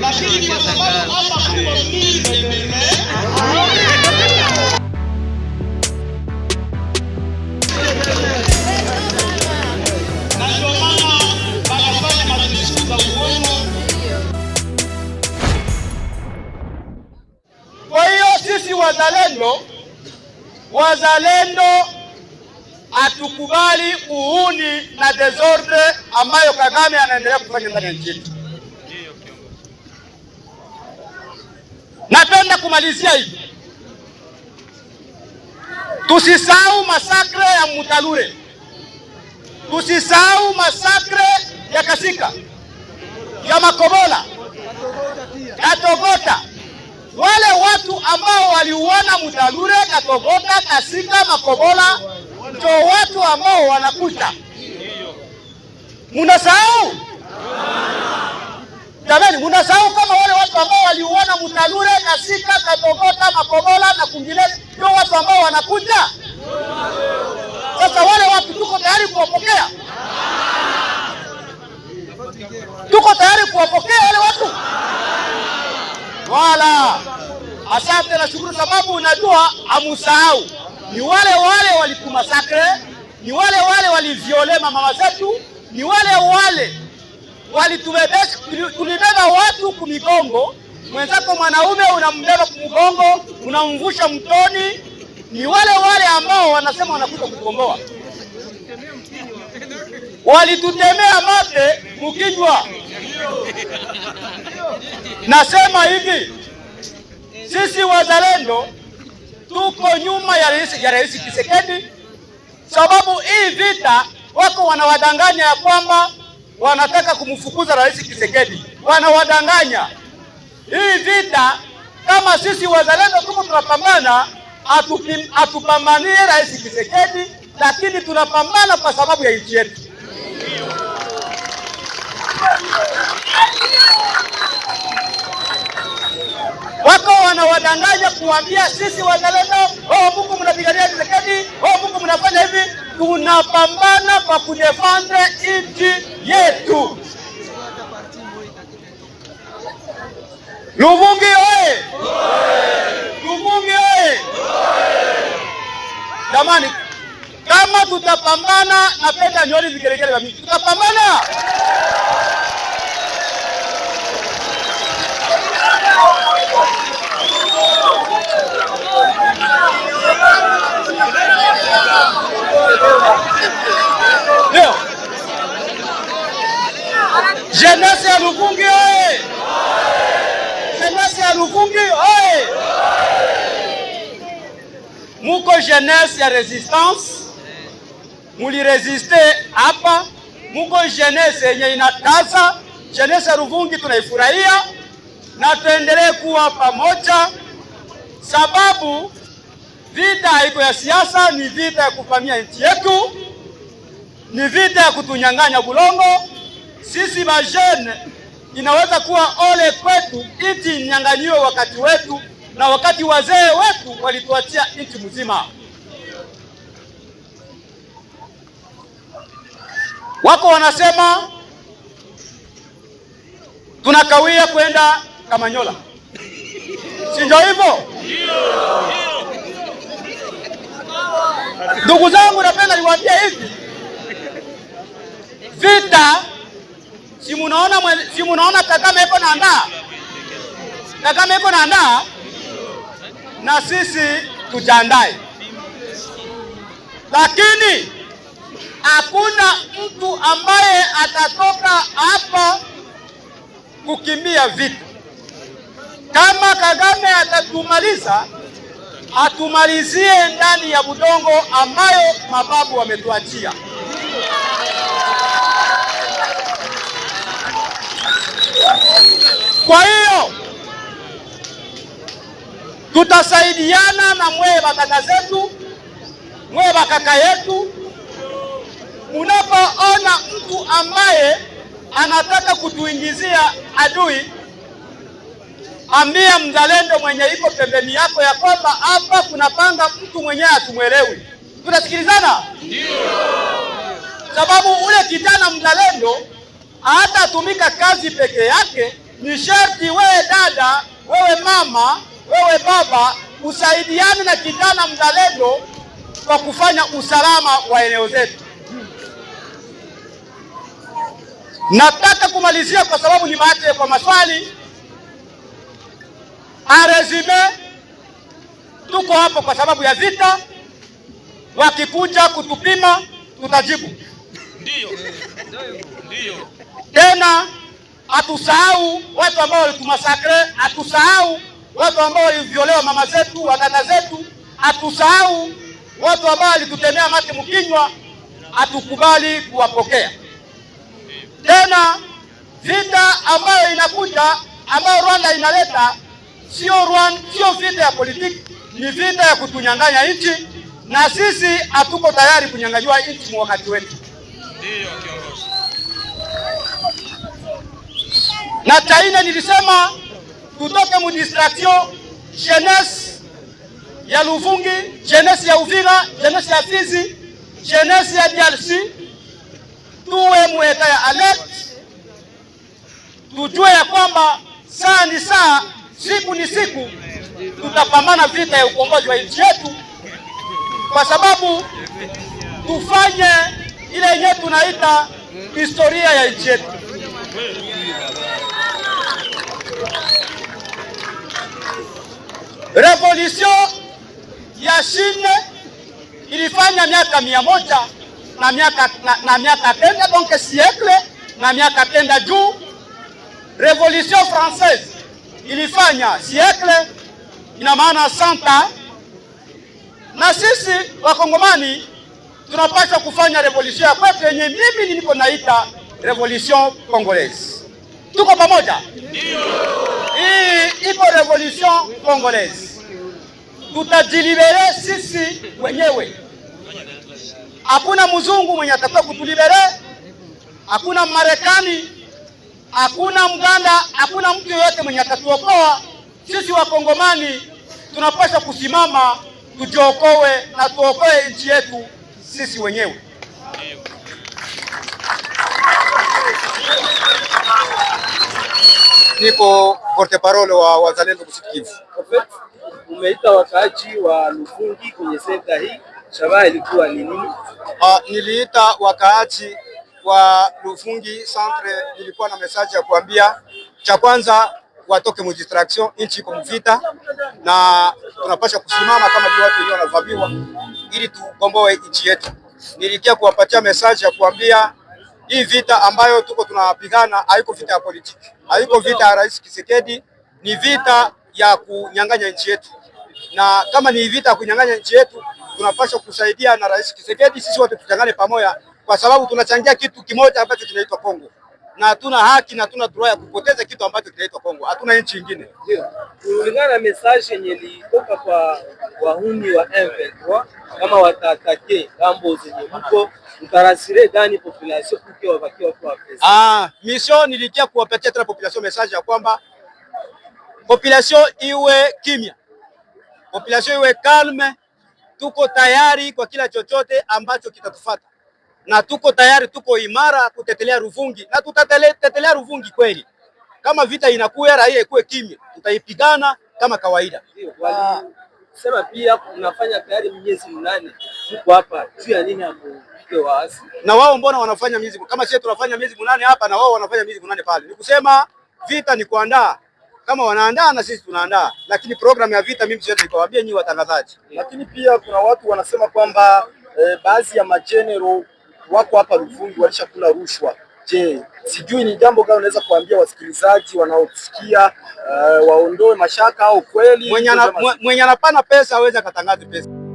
kwa hiyo Sisi wazalendo wazalendo hatukubali uhuni na desordre ambayo Kagame anaendelea kufanya ndani ya nchi. kumalizia hivi, tusisahau masakre ya Mutalure, tusisahau masakre ya Kasika, ya Makobola, Katogota, wale watu ambao waliuona Mutalure, Katogota, Kasika, Makobola ndio watu ambao wanakuta. Munasahau? Jamani, mnasahau kama wale watu ambao waliuona Mutalure, Kasika, Katogota, Makobola na kwingineko, ndio watu ambao wanakuja sasa. Wale watu tuko tayari kuwapokea, tuko tayari kuwapokea wale watu wala. Asante na shukuru, sababu unajua amusahau ni wale wale walikumasakre, ni wale wale waliviolema mama zetu, ni wale wale tulibeba watu huku migongo. Mwenzako mwanaume unambeba kumgongo, unamvusha mtoni. Ni wale wale ambao wanasema wanakuja kukomboa, walitutemea mate mkinjwa. Nasema hivi, sisi wazalendo tuko nyuma ya rais ya Rais Tshisekedi, sababu hii vita wako wanawadanganya ya kwamba wanataka kumfukuza Rais Tshisekedi, wanawadanganya. Hii vita kama sisi wazalendo tuko tunapambana, hatupambanie Rais Tshisekedi, lakini tunapambana kwa sababu ya nchi yetu. Wako wanawadanganya kuambia sisi wazalendo, oh Mungu mnapigania Tshisekedi, oh Mungu mnafanya hivi. Tunapambana kwa kudefendre nchi yetu. Lumungi oye! Lumungi oye! Jamani, kama tutapambana na penda nyoni vigelegele kami, tutapambana Jenasi ya Lukungi oye! Jenasi ya Lukungi oye! Muko jenasi ya resistance, muliresiste hapa. Muko jenesi yenye inataza. Jenasi ya Lukungi tunaifurahia na tuendelee kuwa pamoja, sababu vita haiko ya siasa, ni vita ya kuvamia nchi yetu, ni vita ya kutunyang'anya bulongo sisi bajene inaweza kuwa ole kwetu, nchi nyang'anyiwe wakati wetu, na wakati wazee wetu walituachia nchi mzima. Wako wanasema tunakawia kwenda Kamanyola, si ndio hivyo? Ndugu zangu, napenda niwaambie hivi vita Si munaona si munaona Kagame iko na andaa, Kagame iko na andaa, na sisi tujandae lakini hakuna mtu ambaye atatoka hapa kukimbia vita. Kama Kagame atatumaliza, atumalizie ndani ya budongo ambayo mababu wametuachia. Kwa hiyo tutasaidiana na mwewe badada zetu, mwewe bakaka yetu. Unapoona mtu ambaye anataka kutuingizia adui, ambia mzalendo mwenye iko pembeni yako ya kwamba hapa kunapanga mtu mwenyewe atumwelewi Tunasikilizana? Ndio. Sababu ule kijana mzalendo tumika kazi peke yake ni sharti wewe dada, wewe mama, wewe baba usaidiane na kijana mzalendo kwa kufanya usalama wa eneo zetu. Nataka kumalizia kwa sababu ni mate kwa maswali aresime. Tuko hapo kwa sababu ya vita, wakikuja kutupima tutajibu. Ndio. Ndio. Tena hatusahau watu ambao walitumasakre, hatusahau watu ambao walivyolewa mama zetu, dada zetu, hatusahau watu ambao walitutemea mate mkinywa. Hatukubali kuwapokea tena. Vita ambayo inakuja ambayo Rwanda inaleta sio Rwanda, sio vita ya politiki, ni vita ya kutunyang'anya nchi, na sisi hatuko tayari kunyang'anywa nchi wakati wetu. na taine nilisema tutoke mu jeunesse ya Luvungi, jeunesse ya Uvira, jeunesse ya Fizi, jeunesse ya DRC, tuwe mueta ya alert, tujue ya kwamba saa ni saa, siku ni siku, tutapambana vita ya ukombozi wa nchi yetu, kwa sababu tufanye ile yenyewe tunaita historia ya nchi yetu. Revolution ya chine ilifanya miaka mia moja na miaka na, na miaka tenda donc siècle na miaka tenda juu. Revolution Française ilifanya siècle, ina maana santa, na sisi wakongomani tunapaswa kufanya revolution ya kwetu yenye mimi niko naita revolution congolaise. Tuko pamoja? Ndio hii eh, iko revolution congolaise, tutajilibere sisi wenyewe. Hakuna mzungu mwenye atakuwa kutulibere, hakuna Marekani, hakuna Mganda, hakuna mtu yoyote mwenye atatuokoa sisi. Wakongomani tunapaswa kusimama tujiokoe na tuokoe nchi yetu sisi wenyewe. Niko porte-parole wa wazalendo kusikivu. Umeita wakaaji wa Luvungi kwenye senta hii, shabaha ilikuwa ni nini? Ah, niliita wakaaji wa Luvungi centre, nilikuwa na message ya kuambia, cha kwanza watoke mu distraction, nchi iko mvita na tunapasha kusimama kama vile watu wengine wanavamiwa, ili tukomboe nchi yetu. Nilikia kuwapatia message ya kuambia hii vita ambayo tuko tunapigana haiko vita ya politiki haiko vita ya Rais kisekedi ni vita ya kunyang'anya nchi yetu, na kama ni vita ya kunyang'anya nchi yetu tunapaswa kusaidia na Rais kisekedi sisi wote tutangane pamoja, kwa sababu tunachangia kitu kimoja ambacho kinaitwa Kongo, na hatuna haki na hatuna droa ya kupoteza kitu ambacho kinaitwa Kongo. Hatuna nchi nyingine, kulingana na message yenye ilitoka kwa wahuni wa M23 kama watatake gambo zenye mko utarasire gani population ukiwa wakiwa kwa pesa? Ah, mission nilikia kuwapatia tena population message ya kwamba population iwe kimya, population iwe kalme. Tuko tayari kwa kila chochote ambacho kitatufata na tuko tayari, tuko imara kutetelea Ruvungi na tutatetelea Ruvungi kweli. Kama vita inakuwa raia ikuwe kimya, tutaipigana kama kawaida. Ah, kusema pia unafanya tayari miezi mnane huko hapa juu ya nini hapo waasi? Na wao mbona wanafanya miezi kama sisi tunafanya miezi mnane hapa na wao wanafanya miezi mnane pale. Ni kusema vita ni kuandaa, kama wanaandaa na sisi tunaandaa, lakini programu ya vita mimi siwezi kuwaambia nyinyi watangazaji. Lakini pia kuna watu wanasema kwamba eh, baadhi ya majenero wako hapa Rufungu walishakula rushwa Je, sijui ni jambo gani unaweza kuambia wasikilizaji wanaosikia uh, eh, waondoe mashaka au kweli mwenye anapana pesa aweze akatangaze pesa